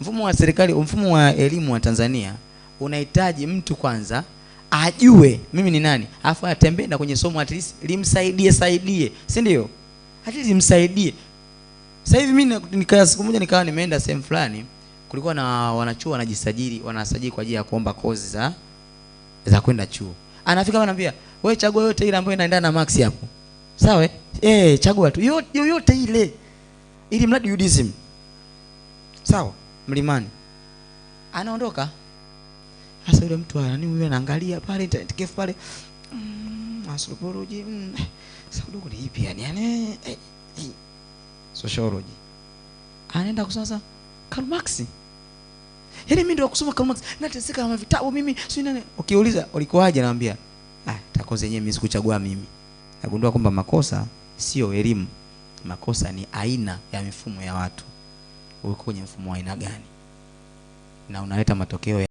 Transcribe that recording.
Mfumo wa serikali, mfumo wa elimu wa Tanzania unahitaji mtu kwanza ajue mimi ni nani, alafu atembee na kwenye somo at least limsaidie saidie, si ndio? At least msaidie. Sasa hivi mimi nikaa siku moja nikawa nimeenda sehemu fulani, kulikuwa na wanachuo wanajisajili, wanasajili kwa ajili ya kuomba kozi za za kwenda chuo. Anafika ananiambia, wewe chagua yote ile ambayo inaendana na max hapo. Sawa? Eh, chagua tu yote yoyote ile ili mradi UDSM. Sawa? mlimani anaondoka sasa yule mtu ana nini yule anaangalia pale internet cafe pale mm, anthropology mm, saudogo ni ipi yani yani eh, eh, eh, sociology anaenda kusoma sasa Karl Marx yani mimi ndio kusoma Karl Marx nateseka na vitabu mimi sio nani ukiuliza ulikoaje naambia ah tako zenyewe mimi sikuchagua mimi nagundua kwamba makosa sio elimu makosa ni aina ya mifumo ya watu uko kwenye mfumo wa aina gani na unaleta matokeo ya